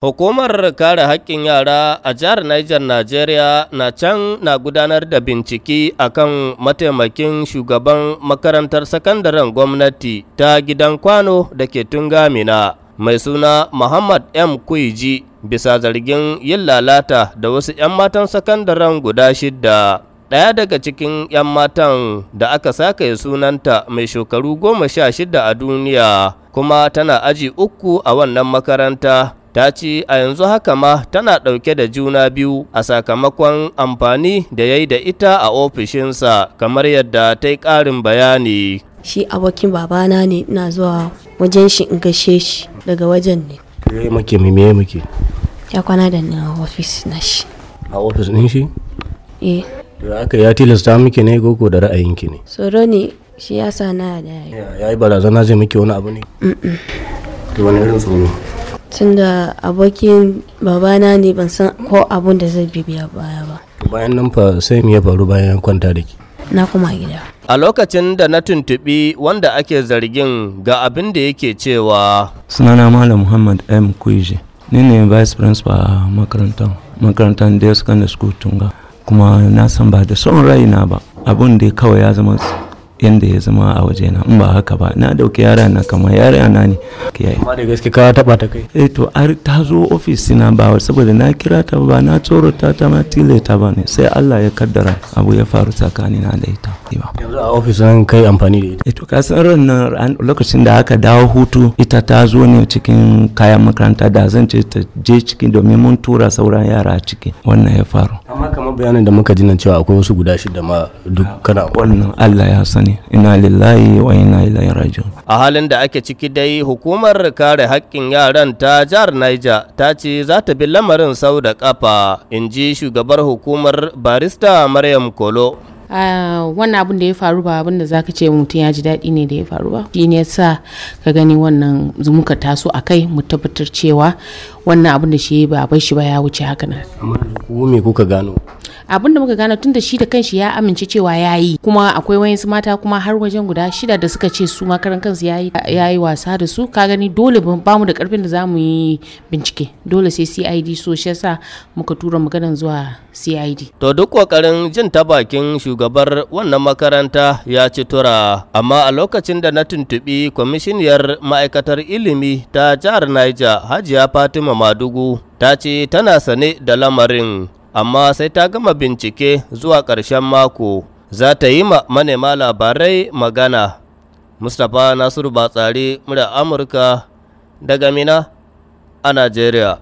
Hukumar kare haƙƙin yara a jihar Niger Najeriya na can na gudanar da bincike akan mataimakin shugaban makarantar sakandaren gwamnati ta gidan kwano da ke gamina, mai suna Muhammad M. Kuiji bisa zargin yin lalata da wasu 'yan matan sakandaren guda shidda. Ɗaya daga cikin 'yan matan da aka saka sunanta mai shekaru goma sha shida a duniya kuma tana aji uku a wannan makaranta. ta ce a yanzu haka ma tana ɗauke da juna biyu a sakamakon amfani da ya yi da ita a ofishinsa kamar yadda ta yi ƙarin bayani shi abokin babana ne ina zuwa wajen shi in gashe shi daga wajen ne ya muke me muke ya kwana da ni a ofis na shi a ofis ɗin shi eh da aka ya tilasta miki ne koko da ra'ayinki ne tsoro ne shi ya sa na da ya yi barazana zai miki wani abu ne wani irin tsoro tunda abokin babana ne ban san ko abun da zai bibiya baya ba bayan nan fa sai mu ya faru bayan kwanta da ke. na kuma gida a lokacin da na tuntubi wanda ake zargin ga abin da yake cewa sunana malam muhammad m kuije ni ne vice principal a makarantar makarantar da school tunga kuma na san ba da son raina ba abun da kawai ya zama yadda ya zama a waje na in ba haka ba na dauki yara na kama yara na ne amma da gaske ka taba ta kai eh to ar ta zo ofis na ba saboda na kira ta ba na tsorata ta ma tile ta ba ne sai Allah ya kaddara abu ya faru tsakani na da ita yanzu a ofis an kai amfani da ita eh to ka san lokacin da aka dawo hutu ita ta zo ne cikin kayan makaranta da zan ce ta je ciki domin mun tura sauran yara ciki wannan ya faru kamar bayanin da muka ji nan cewa akwai wasu guda shida ma duk kana wannan Allah ya sani ina lillahi wa ina ilaihi raji'un a halin da ake ciki dai hukumar kare haƙƙin yaran ta jihar Niger ta ce za ta bi lamarin sau da kafa in ji shugabar hukumar barista Maryam Kolo Ah, wannan abin da ya faru ba abin da za ka ce mutum ya ji daɗi ne da ya faru ba shi ne sa ka gani wannan muka taso a kai mu tabbatar cewa wannan abin da shi ba bai shi ba ya wuce haka nan amma kuka gano abin da muka gano tun da shi da kanshi ya amince cewa ya yi kuma akwai wayansu mata kuma har wajen guda shida da suka ce su makaran kansu ya yi wasa da su ka gani dole ba mu da karfin da za mu yi bincike dole sai cid so shi yasa muka tura maganan zuwa cid to duk kokarin jin ta bakin shugaban shugabar wannan makaranta ya ci tura, amma a lokacin da na tuntuɓi kwamishiniyar ma'aikatar ilimi ta jihar Niger Hajiya Fatima Madugu ta ce tana sane da lamarin, amma sai ta gama bincike zuwa ƙarshen mako za ta yi ma manema labarai magana. Mustapha Nasiru Batsari, murar Amurka daga Mina a Najeriya.